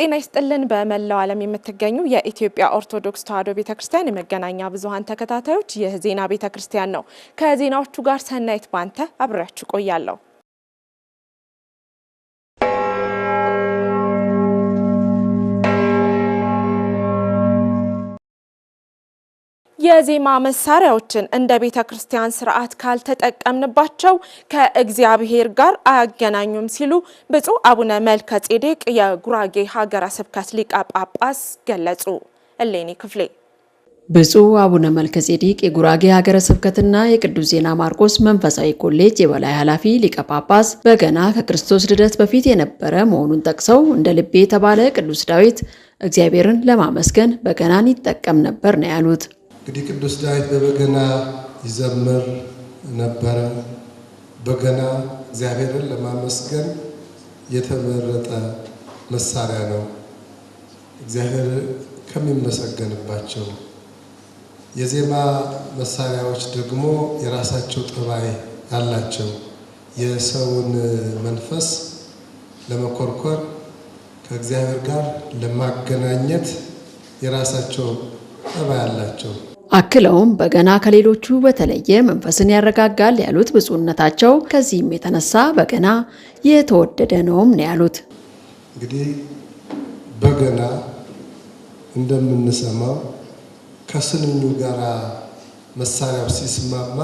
ጤና ይስጥልን። በመላው ዓለም የምትገኙ የኢትዮጵያ ኦርቶዶክስ ተዋሕዶ ቤተ ክርስቲያን የመገናኛ ብዙኃን ተከታታዮች ይህ ዜና ቤተ ክርስቲያን ነው። ከዜናዎቹ ጋር ሰናይት ባንተ አብሬያችሁ ቆያለሁ። የዜማ መሳሪያዎችን እንደ ቤተ ክርስቲያን ስርዓት ካልተጠቀምንባቸው ከእግዚአብሔር ጋር አያገናኙም ሲሉ ብፁዕ አቡነ መልከ ጼዴቅ የጉራጌ ሀገረ ስብከት ሊቀ ጳጳስ ገለጹ። እሌኒ ክፍሌ ብፁዕ አቡነ መልከ ጼዴቅ የጉራጌ ሀገረ ስብከትና የቅዱስ ዜና ማርቆስ መንፈሳዊ ኮሌጅ የበላይ ኃላፊ ሊቀ ጳጳስ በገና ከክርስቶስ ልደት በፊት የነበረ መሆኑን ጠቅሰው እንደ ልቤ የተባለ ቅዱስ ዳዊት እግዚአብሔርን ለማመስገን በገናን ይጠቀም ነበር ነው ያሉት። እንግዲህ ቅዱስ ዳዊት በበገና ይዘምር ነበረ። በገና እግዚአብሔርን ለማመስገን የተመረጠ መሳሪያ ነው። እግዚአብሔር ከሚመሰገንባቸው የዜማ መሳሪያዎች ደግሞ የራሳቸው ጠባይ አላቸው። የሰውን መንፈስ ለመኮርኮር ከእግዚአብሔር ጋር ለማገናኘት የራሳቸው ጠባይ አላቸው። አክለውም በገና ከሌሎቹ በተለየ መንፈስን ያረጋጋል ያሉት ብፁዕነታቸው፣ ከዚህም የተነሳ በገና የተወደደ ነውም ነው ያሉት። እንግዲህ በገና እንደምንሰማው ከስንኙ ጋር መሳሪያው ሲስማማ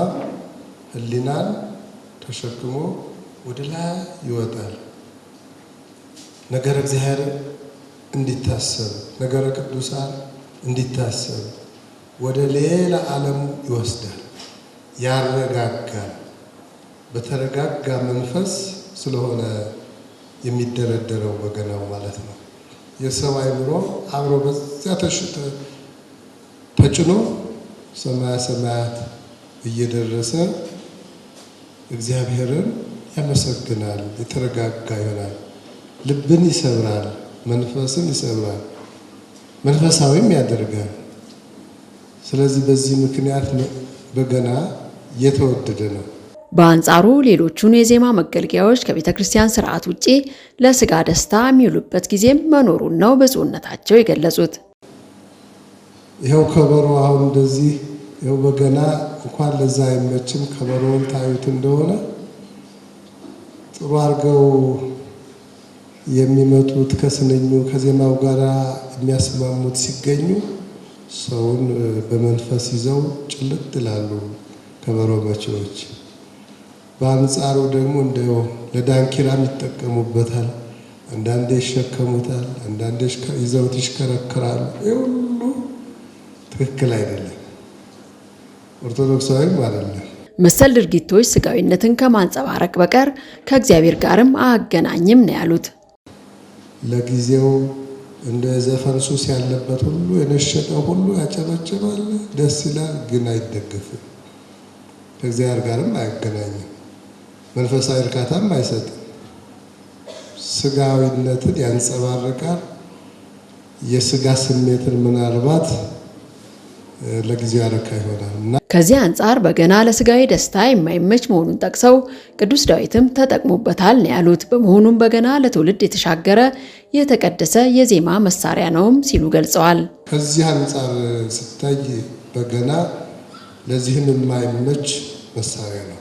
ሕሊናን ተሸክሞ ወደ ላይ ይወጣል። ነገረ እግዚአብሔር እንዲታሰብ፣ ነገረ ቅዱሳን እንዲታሰብ ወደ ሌላ ዓለም ይወስዳል፣ ያረጋጋል። በተረጋጋ መንፈስ ስለሆነ የሚደረደረው በገናው ማለት ነው። የሰው አይምሮ አብሮ በዚያ ተጭኖ ሰማያ ሰማያት እየደረሰ እግዚአብሔርን ያመሰግናል። የተረጋጋ ይሆናል። ልብን ይሰብራል፣ መንፈስን ይሰብራል፣ መንፈሳዊም ያደርጋል። ስለዚህ በዚህ ምክንያት በገና የተወደደ ነው። በአንጻሩ ሌሎቹን የዜማ መገልገያዎች ከቤተ ክርስቲያን ስርዓት ውጪ ለስጋ ደስታ የሚውሉበት ጊዜም መኖሩን ነው ብፁዕነታቸው የገለጹት። ይኸው ከበሮ አሁን እንደዚህ ይኸው በገና እንኳን ለዛ አይመችም። ከበሮውን ታዩት እንደሆነ ጥሩ አድርገው የሚመጡት ከስንኙ ከዜማው ጋር የሚያስማሙት ሲገኙ ሰውን በመንፈስ ይዘው ጭልጥ ይላሉ ከበሮ መቼዎች። በአንጻሩ ደግሞ እንደ ለዳንኪራም ይጠቀሙበታል። አንዳንዴ ይሸከሙታል፣ አንዳንዴ ይዘውት ይሽከረክራሉ። ይህ ሁሉ ትክክል አይደለም፣ ኦርቶዶክሳዊም አይደለም። መሰል ድርጊቶች ስጋዊነትን ከማንጸባረቅ በቀር ከእግዚአብሔር ጋርም አያገናኝም ነው ያሉት። ለጊዜው እንደ ዘፈን ሱስ ያለበት ሁሉ የነሸጠ ሁሉ ያጨበጭባል፣ ደስ ይላል፣ ግን አይደገፍም። ከእግዚአብሔር ጋርም አያገናኝም። መንፈሳዊ እርካታም አይሰጥም። ስጋዊነትን ያንጸባርቃል። የስጋ ስሜትን ምናልባት ለጊዜ አረካ ይሆናል እና ከዚህ አንጻር በገና ለስጋዊ ደስታ የማይመች መሆኑን ጠቅሰው ቅዱስ ዳዊትም ተጠቅሞበታል ነው ያሉት። በመሆኑም በገና ለትውልድ የተሻገረ የተቀደሰ የዜማ መሳሪያ ነውም ሲሉ ገልጸዋል። ከዚህ አንጻር ስታይ በገና ለዚህም የማይመች መሳሪያ ነው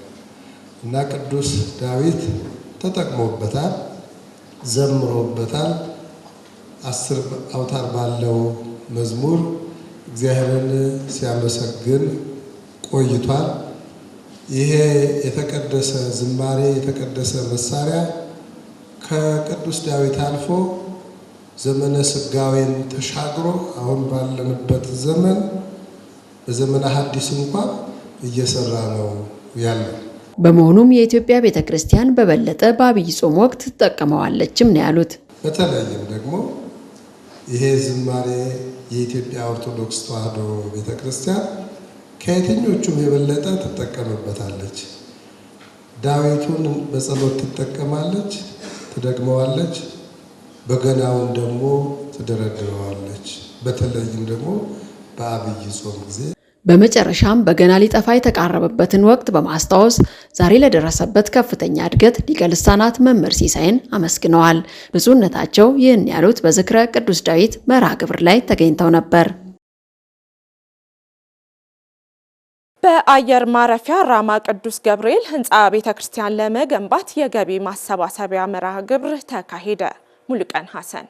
እና ቅዱስ ዳዊት ተጠቅሞበታል፣ ዘምሮበታል። አስር አውታር ባለው መዝሙር እግዚአብሔርን ሲያመሰግን ቆይቷል። ይሄ የተቀደሰ ዝማሬ የተቀደሰ መሳሪያ ከቅዱስ ዳዊት አልፎ ዘመነ ስጋዌን ተሻግሮ አሁን ባለንበት ዘመን በዘመነ ሐዲስ እንኳን እየሰራ ነው ያለው። በመሆኑም የኢትዮጵያ ቤተ ክርስቲያን በበለጠ በአብይ ጾም ወቅት ትጠቀመዋለችም ነው ያሉት። በተለይም ደግሞ ይሄ ዝማሬ የኢትዮጵያ ኦርቶዶክስ ተዋህዶ ቤተ ክርስቲያን ከየትኞቹም የበለጠ ትጠቀምበታለች። ዳዊቱን በጸሎት ትጠቀማለች፣ ትደግመዋለች። በገናውን ደግሞ ትደረድረዋለች። በተለይም ደግሞ በአብይ ጾም ጊዜ በመጨረሻም በገና ሊጠፋ የተቃረበበትን ወቅት በማስታወስ ዛሬ ለደረሰበት ከፍተኛ እድገት ሊቀ ልሳናት መምህር ሲሳይን አመስግነዋል። ብፁዕነታቸው ይህን ያሉት በዝክረ ቅዱስ ዳዊት መርሃ ግብር ላይ ተገኝተው ነበር። በአየር ማረፊያ ራማ ቅዱስ ገብርኤል ህንፃ ቤተ ክርስቲያን ለመገንባት የገቢ ማሰባሰቢያ መርሃ ግብር ተካሄደ። ሙሉቀን ሀሰን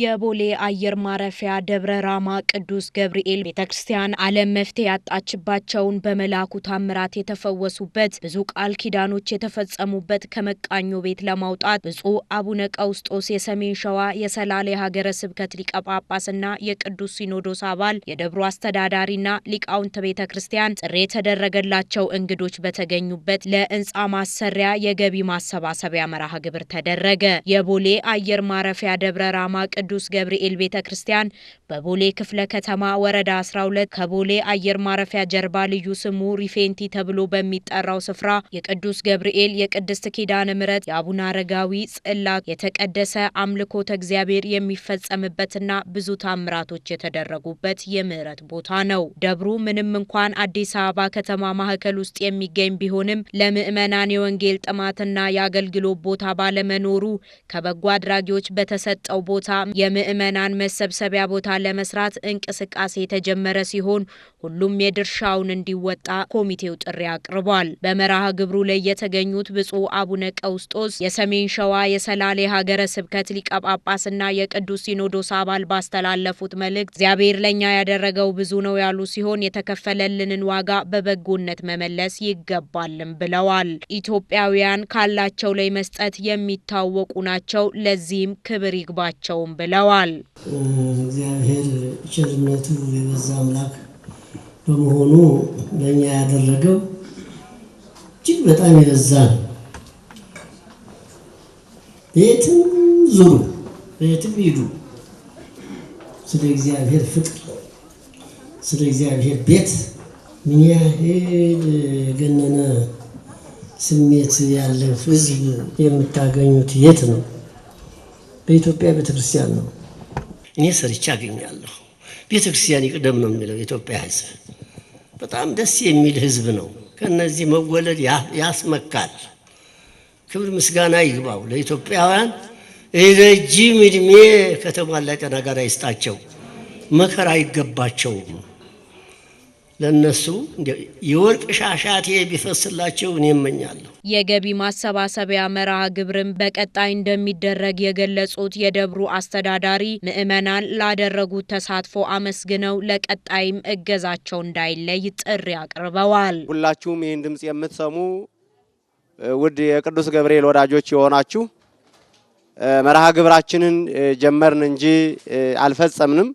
የቦሌ አየር ማረፊያ ደብረ ራማ ቅዱስ ገብርኤል ቤተ ክርስቲያን ዓለም መፍትሄ ያጣችባቸውን በመላኩ ታምራት የተፈወሱበት ብዙ ቃል ኪዳኖች የተፈጸሙበት ከመቃኞ ቤት ለማውጣት ብፁዕ አቡነ ቀውስጦስ የሰሜን ሸዋ የሰላሌ ሀገረ ስብከት ሊቀ ጳጳስና የቅዱስ ሲኖዶስ አባል የደብሩ አስተዳዳሪና ሊቃውንት ቤተ ክርስቲያን ጥሪ የተደረገላቸው እንግዶች በተገኙበት ለህንፃ ማሰሪያ የገቢ ማሰባሰቢያ መርሃ ግብር ተደረገ። የቦሌ አየር ማረፊያ ደብረ ራማ ቅዱስ ገብርኤል ቤተ ክርስቲያን በቦሌ ክፍለ ከተማ ወረዳ 12 ከቦሌ አየር ማረፊያ ጀርባ ልዩ ስሙ ሪፌንቲ ተብሎ በሚጠራው ስፍራ የቅዱስ ገብርኤል፣ የቅድስት ኪዳነ ምሕረት፣ የአቡነ አረጋዊ ጽላት የተቀደሰ አምልኮተ እግዚአብሔር የሚፈጸምበትና ብዙ ታምራቶች የተደረጉበት የምህረት ቦታ ነው። ደብሩ ምንም እንኳን አዲስ አበባ ከተማ ማዕከል ውስጥ የሚገኝ ቢሆንም ለምዕመናን የወንጌል ጥማትና የአገልግሎት ቦታ ባለመኖሩ ከበጎ አድራጊዎች በተሰጠው ቦታ የምዕመናን መሰብሰቢያ ቦታ ለመስራት እንቅስቃሴ የተጀመረ ሲሆን ሁሉም የድርሻውን እንዲወጣ ኮሚቴው ጥሪ አቅርቧል። በመርሃ ግብሩ ላይ የተገኙት ብፁዕ አቡነ ቀውስጦስ የሰሜን ሸዋ የሰላሌ ሀገረ ስብከት ሊቀ ጳጳስና የቅዱስ ሲኖዶስ አባል ባስተላለፉት መልእክት እግዚአብሔር ለእኛ ያደረገው ብዙ ነው ያሉ ሲሆን የተከፈለልንን ዋጋ በበጎነት መመለስ ይገባልም ብለዋል። ኢትዮጵያውያን ካላቸው ላይ መስጠት የሚታወቁ ናቸው። ለዚህም ክብር ይግባቸውም ብለዋል። እግዚአብሔር ቸርነቱ የበዛ አምላክ በመሆኑ ለእኛ ያደረገው እጅግ በጣም የበዛ ነው። በየትም ዙሩ፣ በየትም ሂዱ፣ ስለ እግዚአብሔር ፍቅር፣ ስለ እግዚአብሔር ቤት ምን ያህል የገነነ ስሜት ያለው ህዝብ የምታገኙት የት ነው? በኢትዮጵያ ቤተክርስቲያን ነው። እኔ ሰርቼ አገኛለሁ። ቤተክርስቲያን ይቅደም ነው የሚለው የኢትዮጵያ ሕዝብ በጣም ደስ የሚል ሕዝብ ነው። ከነዚህ መወለድ ያስመካል። ክብር ምስጋና ይግባው ለኢትዮጵያውያን። ረጅም እድሜ ከተሟላ ጤና ጋር ይስጣቸው። መከራ አይገባቸውም። ለነሱ የወርቅ ሻሻቴ ቢፈስላቸው እኔ እመኛለሁ። የገቢ ማሰባሰቢያ መርሃ ግብርን በቀጣይ እንደሚደረግ የገለጹት የደብሩ አስተዳዳሪ ምዕመናን ላደረጉት ተሳትፎ አመስግነው ለቀጣይም እገዛቸው እንዳይለይ ጥሪ አቅርበዋል። ሁላችሁም ይህን ድምፅ የምትሰሙ ውድ የቅዱስ ገብርኤል ወዳጆች የሆናችሁ መርሃ ግብራችንን ጀመርን እንጂ አልፈጸምንም።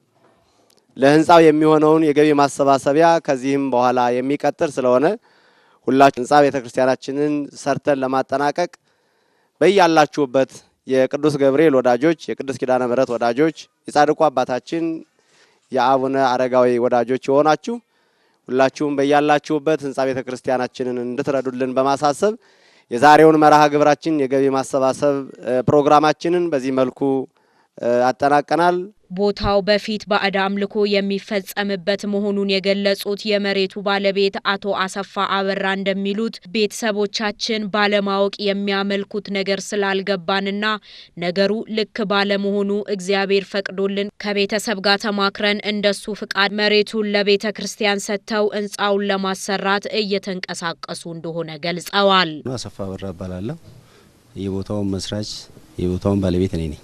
ለህንፃው የሚሆነውን የገቢ ማሰባሰቢያ ከዚህም በኋላ የሚቀጥል ስለሆነ ሁላችሁ ህንፃ ቤተ ክርስቲያናችንን ሰርተን ለማጠናቀቅ በያላችሁበት የቅዱስ ገብርኤል ወዳጆች፣ የቅዱስ ኪዳነ ምሕረት ወዳጆች፣ የጻድቁ አባታችን የአቡነ አረጋዊ ወዳጆች የሆናችሁ ሁላችሁም በያላችሁበት ህንፃ ቤተ ክርስቲያናችንን እንድትረዱልን በማሳሰብ የዛሬውን መርሃ ግብራችን የገቢ ማሰባሰብ ፕሮግራማችንን በዚህ መልኩ አጠናቀናል። ቦታው በፊት ባዕድ አምልኮ የሚፈጸምበት መሆኑን የገለጹት የመሬቱ ባለቤት አቶ አሰፋ አበራ እንደሚሉት ቤተሰቦቻችን ባለማወቅ የሚያመልኩት ነገር ስላልገባንና ነገሩ ልክ ባለመሆኑ እግዚአብሔር ፈቅዶልን ከቤተሰብ ጋር ተማክረን እንደሱ ፍቃድ መሬቱን ለቤተ ክርስቲያን ሰጥተው ህንፃውን ለማሰራት እየተንቀሳቀሱ እንደሆነ ገልጸዋል። አሰፋ አበራ እባላለሁ። የቦታውን መስራች የቦታውን ባለቤት እኔ ነኝ።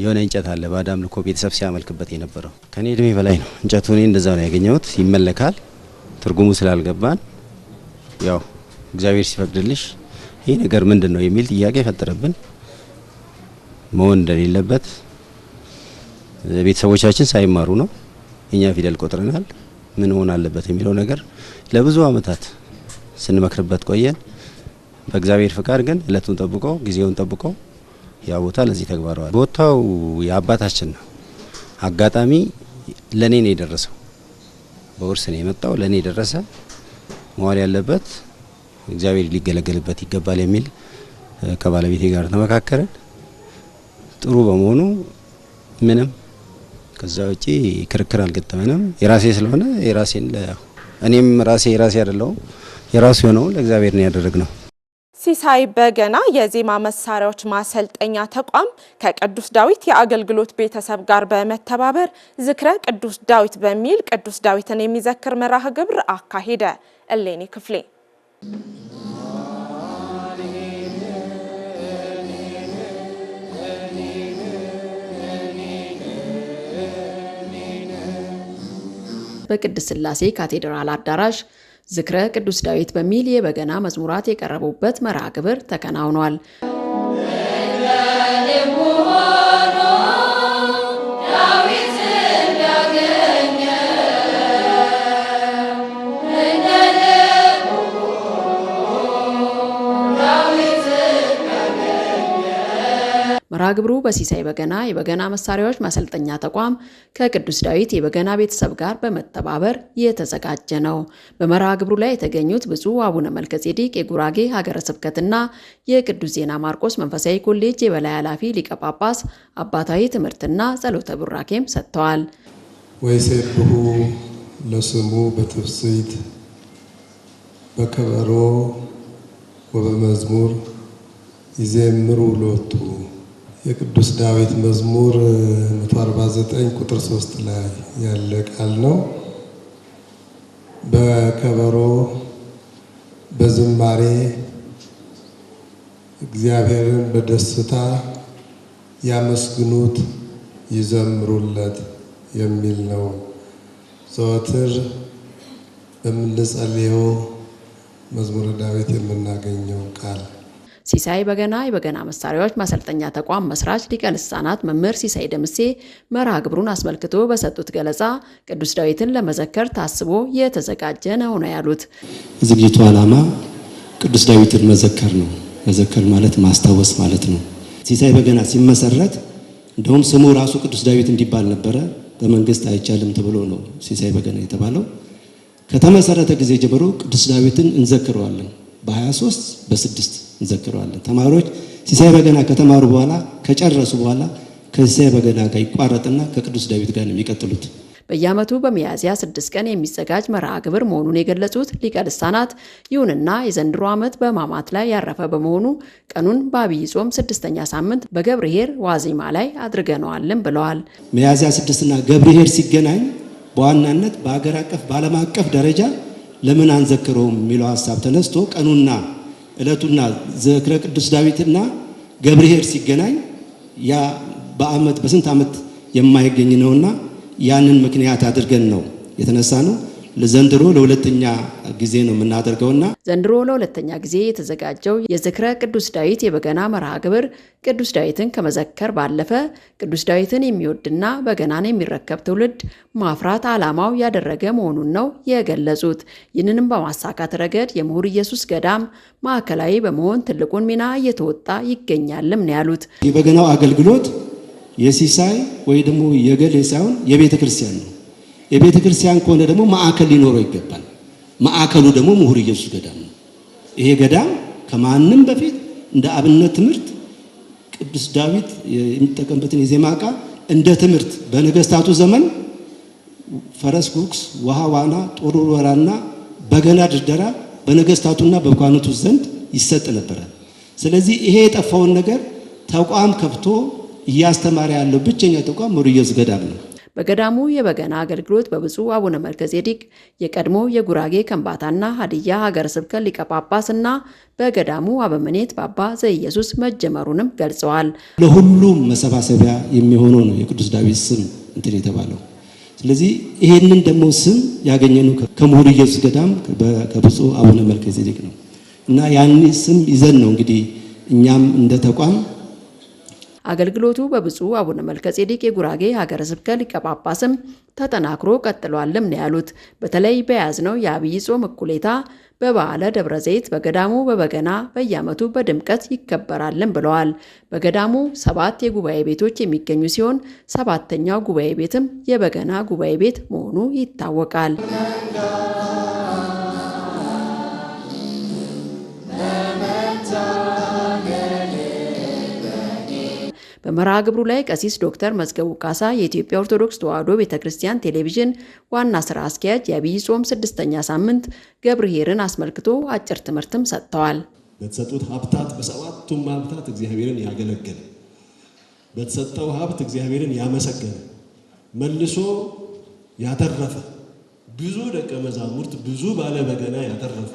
የሆነ እንጨት አለ ባዕድ አምልኮ ቤተሰብ ሲያመልክበት የነበረው ከኔ እድሜ በላይ ነው እንጨቱ። እኔ እንደዛ ነው ያገኘሁት። ይመለካል። ትርጉሙ ስላልገባን ያው እግዚአብሔር ሲፈቅድልሽ ይህ ነገር ምንድን ነው የሚል ጥያቄ ፈጠረብን። መሆን እንደሌለበት ቤተሰቦቻችን ሳይማሩ ነው እኛ ፊደል ቆጥረናል። ምን መሆን አለበት የሚለው ነገር ለብዙ አመታት ስንመክርበት ቆየን። በእግዚአብሔር ፍቃድ ግን እለቱን ጠብቆ ጊዜውን ጠብቆ ያ ቦታ ለዚህ ተግባረዋል። ቦታው የአባታችን ነው። አጋጣሚ ለእኔ ነው የደረሰው፣ በውርስ ነው የመጣው፣ ለእኔ የደረሰ መዋል ያለበት እግዚአብሔር ሊገለገልበት ይገባል የሚል ከባለቤቴ ጋር ተመካከረን። ጥሩ በመሆኑ ምንም ከዛ ውጪ ክርክር አልገጠመንም። የራሴ ስለሆነ የራሴን እኔም ራሴ የራሴ አይደለሁም የራሱ የሆነውን ለእግዚአብሔር ነው ያደረግ ነው። ሲሳይ በገና የዜማ መሳሪያዎች ማሰልጠኛ ተቋም ከቅዱስ ዳዊት የአገልግሎት ቤተሰብ ጋር በመተባበር ዝክረ ቅዱስ ዳዊት በሚል ቅዱስ ዳዊትን የሚዘክር መርሃ ግብር አካሄደ። እሌኒ ክፍሌ በቅድስት ስላሴ ካቴድራል አዳራሽ ዝክረ ቅዱስ ዳዊት በሚል የበገና መዝሙራት የቀረቡበት መርሃ ግብር ተከናውኗል። ግብሩ በሲሳይ በገና የበገና መሳሪያዎች ማሰልጠኛ ተቋም ከቅዱስ ዳዊት የበገና ቤተሰብ ጋር በመተባበር የተዘጋጀ ነው። በመርሃ ግብሩ ላይ የተገኙት ብፁዕ አቡነ መልከጼዴቅ የጉራጌ ሀገረ ስብከትና የቅዱስ ዜና ማርቆስ መንፈሳዊ ኮሌጅ የበላይ ኃላፊ ሊቀ ጳጳስ አባታዊ ትምህርትና ጸሎተ ቡራኬም ሰጥተዋል። ወይሴብሑ ለስሙ በትፍስሕት በከበሮ ወበመዝሙር ይዜምሩ ሎቱ የቅዱስ ዳዊት መዝሙር 149 ቁጥር 3 ላይ ያለ ቃል ነው። በከበሮ በዝማሬ እግዚአብሔርን በደስታ ያመስግኑት ይዘምሩለት የሚል ነው። ዘወትር በምንጸልየው መዝሙረ ዳዊት የምናገኘው ቃል ሲሳይ በገና የበገና መሳሪያዎች ማሰልጠኛ ተቋም መስራች ሊቀ ልሳናት መምህር ሲሳይ ደምሴ መርሃ ግብሩን አስመልክቶ በሰጡት ገለጻ ቅዱስ ዳዊትን ለመዘከር ታስቦ የተዘጋጀ ነው ነው ያሉት። ዝግጅቱ ዓላማ ቅዱስ ዳዊትን መዘከር ነው። መዘከር ማለት ማስታወስ ማለት ነው። ሲሳይ በገና ሲመሰረት እንደውም ስሙ ራሱ ቅዱስ ዳዊት እንዲባል ነበረ። በመንግስት አይቻልም ተብሎ ነው ሲሳይ በገና የተባለው። ከተመሰረተ ጊዜ ጀምሮ ቅዱስ ዳዊትን እንዘክረዋለን በ23 በስድስት እንዘክረዋለን። ተማሪዎች ሲሳይ በገና ከተማሩ በኋላ ከጨረሱ በኋላ ከሲሳይ በገና ጋር ይቋረጥና ከቅዱስ ዳዊት ጋር ነው የሚቀጥሉት። በየዓመቱ በሚያዝያ ስድስት ቀን የሚዘጋጅ መርሃ ግብር መሆኑን የገለጹት ሊቀ ልሳናት፣ ይሁንና የዘንድሮ ዓመት በሕማማት ላይ ያረፈ በመሆኑ ቀኑን በአብይ ጾም ስድስተኛ ሳምንት በገብርሄር ዋዜማ ላይ አድርገነዋልን ብለዋል። ሚያዝያ ስድስትና ገብርሄር ሲገናኝ በዋናነት በሀገር አቀፍ በዓለም አቀፍ ደረጃ ለምን አንዘክረውም የሚለው ሀሳብ ተነስቶ ቀኑና እለቱና ዘክረ ቅዱስ ዳዊትና ገብርሄል ሲገናኝ ያ በአመት በስንት አመት የማይገኝ ነውና ያንን ምክንያት አድርገን ነው የተነሳ ነው። ዘንድሮ ለሁለተኛ ጊዜ ነው የምናደርገውና ዘንድሮ ለሁለተኛ ጊዜ የተዘጋጀው የዝክረ ቅዱስ ዳዊት የበገና መርሃ ግብር ቅዱስ ዳዊትን ከመዘከር ባለፈ ቅዱስ ዳዊትን የሚወድና በገናን የሚረከብ ትውልድ ማፍራት ዓላማው ያደረገ መሆኑን ነው የገለጹት። ይህንንም በማሳካት ረገድ የምሁር ኢየሱስ ገዳም ማዕከላዊ በመሆን ትልቁን ሚና እየተወጣ ይገኛልም ነው ያሉት። የበገናው አገልግሎት የሲሳይ ወይ ደግሞ የገሌ ሳይሆን የቤተ ክርስቲያን ነው። የቤተ ክርስቲያን ከሆነ ደግሞ ማዕከል ሊኖረው ይገባል። ማዕከሉ ደግሞ ምሁር ኢየሱስ ገዳም ነው። ይሄ ገዳም ከማንም በፊት እንደ አብነት ትምህርት ቅዱስ ዳዊት የሚጠቀምበትን የዜማ ዕቃ እንደ ትምህርት በነገስታቱ ዘመን ፈረስ ጉግስ፣ ውሃ ዋና፣ ጦር ወራና በገና ድርደራ በነገስታቱና በኳኖቱ ዘንድ ይሰጥ ነበረ። ስለዚህ ይሄ የጠፋውን ነገር ተቋም ከፍቶ እያስተማረ ያለው ብቸኛ ተቋም ምሁር ኢየሱስ ገዳም ነው። በገዳሙ የበገና አገልግሎት በብፁዕ አቡነ መልከጼዴቅ የቀድሞ የጉራጌ ከንባታና ሀዲያ ሀገረ ስብከት ሊቀ ጳጳስ እና በገዳሙ አበምኔት በአባ ዘኢየሱስ መጀመሩንም ገልጸዋል። ለሁሉም መሰባሰቢያ የሚሆነው ነው የቅዱስ ዳዊት ስም እንትን የተባለው። ስለዚህ ይሄንን ደግሞ ስም ያገኘነው ከምሁር ኢየሱስ ገዳም ከብፁዕ አቡነ መልከጼዴቅ ነው እና ያን ስም ይዘን ነው እንግዲህ እኛም እንደ ተቋም አገልግሎቱ በብፁዕ አቡነ መልከ ጼዴቅ የጉራጌ ሀገረ ስብከት ሊቀ ጳጳስም ተጠናክሮ ቀጥሏልም ነው ያሉት። በተለይ በያዝነው የአብይ ጾም እኩሌታ በበዓለ ደብረ ዘይት በገዳሙ በበገና በየዓመቱ በድምቀት ይከበራልን ብለዋል። በገዳሙ ሰባት የጉባኤ ቤቶች የሚገኙ ሲሆን ሰባተኛው ጉባኤ ቤትም የበገና ጉባኤ ቤት መሆኑ ይታወቃል። በመርሃ ግብሩ ላይ ቀሲስ ዶክተር መዝገቡ ካሳ የኢትዮጵያ ኦርቶዶክስ ተዋሕዶ ቤተ ክርስቲያን ቴሌቪዥን ዋና ስራ አስኪያጅ የአብይ ጾም ስድስተኛ ሳምንት ገብርሄርን አስመልክቶ አጭር ትምህርትም ሰጥተዋል። በተሰጡት ሀብታት በሰባቱም ሀብታት እግዚአብሔርን ያገለገለ በተሰጠው ሀብት እግዚአብሔርን ያመሰገነ መልሶ ያተረፈ ብዙ ደቀ መዛሙርት ብዙ ባለ በገና ያተረፈ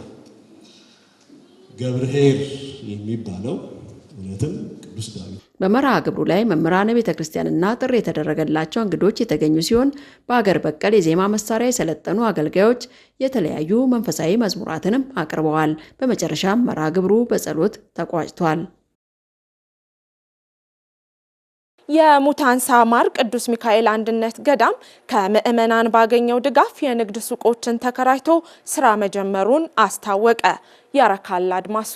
ገብርሄር የሚባለው እውነትም ቅዱስ ዳዊት በመርሃ ግብሩ ላይ መምህራነ ቤተ ክርስቲያንና ጥሪ የተደረገላቸው እንግዶች የተገኙ ሲሆን በአገር በቀል የዜማ መሳሪያ የሰለጠኑ አገልጋዮች የተለያዩ መንፈሳዊ መዝሙራትንም አቅርበዋል። በመጨረሻም መርሃ ግብሩ በጸሎት ተቋጭቷል። የሙታንሳ ማር ቅዱስ ሚካኤል አንድነት ገዳም ከምዕመናን ባገኘው ድጋፍ የንግድ ሱቆችን ተከራይቶ ስራ መጀመሩን አስታወቀ። ያረካል አድማሱ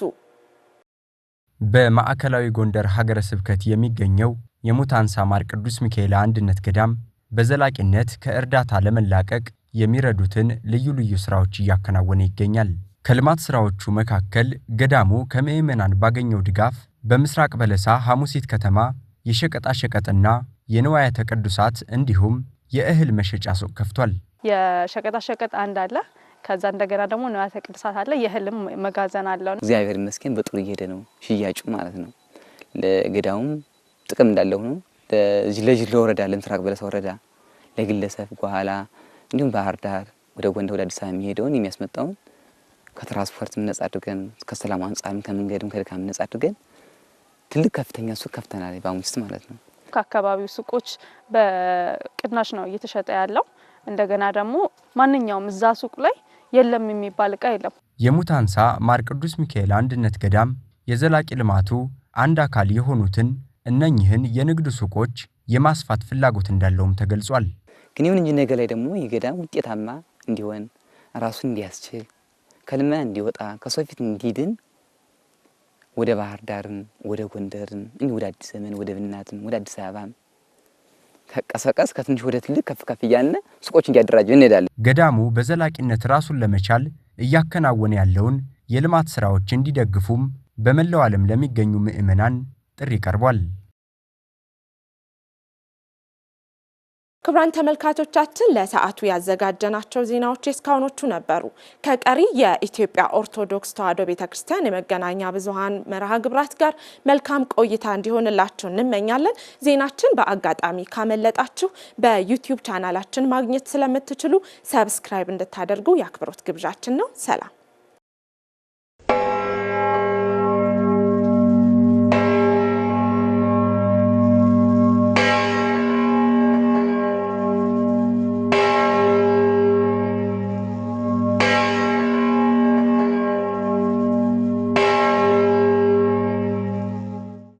በማዕከላዊ ጎንደር ሀገረ ስብከት የሚገኘው የሙታንሳ ማር ቅዱስ ሚካኤል አንድነት ገዳም በዘላቂነት ከእርዳታ ለመላቀቅ የሚረዱትን ልዩ ልዩ ስራዎች እያከናወነ ይገኛል። ከልማት ስራዎቹ መካከል ገዳሙ ከምዕመናን ባገኘው ድጋፍ በምስራቅ በለሳ ሐሙሲት ከተማ የሸቀጣሸቀጥና የንዋያተ ቅዱሳት እንዲሁም የእህል መሸጫ ሱቅ ከፍቷል። የሸቀጣሸቀጥ አንድ አለ ከዛ እንደገና ደግሞ ንዋያተ ቅድሳት አለ፣ የእህልም መጋዘን አለው። እግዚአብሔር ይመስገን በጥሩ እየሄደ ነው ሽያጩ ማለት ነው። ለገዳውም ጥቅም እንዳለ ሆኖ ለጅ ለወረዳ ለምስራቅ በለሳ ወረዳ ለግለሰብ በኋላ እንዲሁም ባህር ዳር ወደ ጎንደር ወደ አዲስ አበባ የሚሄደውን የሚያስመጣውን ከትራንስፖርት ነጻ አድርገን ከሰላም አንጻርም ከመንገድም ከድካም ነጻ አድርገን ትልቅ ከፍተኛ ሱቅ ከፍተናል። በአሁኑ ማለት ነው። ከአካባቢው ሱቆች በቅናሽ ነው እየተሸጠ ያለው። እንደገና ደግሞ ማንኛውም እዛ ሱቅ ላይ የለም የሚባል እቃ የለም። የሙታንሳ ማር ቅዱስ ሚካኤል አንድነት ገዳም የዘላቂ ልማቱ አንድ አካል የሆኑትን እነኝህን የንግድ ሱቆች የማስፋት ፍላጎት እንዳለውም ተገልጿል። ግን ይሁን እንጂ ነገ ላይ ደግሞ ይህ ገዳም ውጤታማ እንዲሆን ራሱን እንዲያስችል ከልመና እንዲወጣ ከሰው ፊት እንዲድን ወደ ባህር ዳርን ወደ ጎንደርም ወደ አዲስ ዘመን ወደ ብናትም ወደ አዲስ አበባም ተቀሰቀስ ከትንሽ ወደ ትልቅ ከፍ ከፍ እያልን ሱቆች እንዲያደራጅ እንሄዳለን። ገዳሙ በዘላቂነት ራሱን ለመቻል እያከናወነ ያለውን የልማት ስራዎች እንዲደግፉም በመላው ዓለም ለሚገኙ ምዕመናን ጥሪ ቀርቧል። ክቡራን ተመልካቾቻችን ለሰዓቱ ያዘጋጀናቸው ዜናዎች የእስካሁኖቹ ነበሩ። ከቀሪ የኢትዮጵያ ኦርቶዶክስ ተዋሕዶ ቤተ ክርስቲያን የመገናኛ ብዙኃን መርሃ ግብራት ጋር መልካም ቆይታ እንዲሆንላችሁ እንመኛለን። ዜናችን በአጋጣሚ ካመለጣችሁ በዩቲዩብ ቻናላችን ማግኘት ስለምትችሉ ሰብስክራይብ እንድታደርጉ የአክብሮት ግብዣችን ነው። ሰላም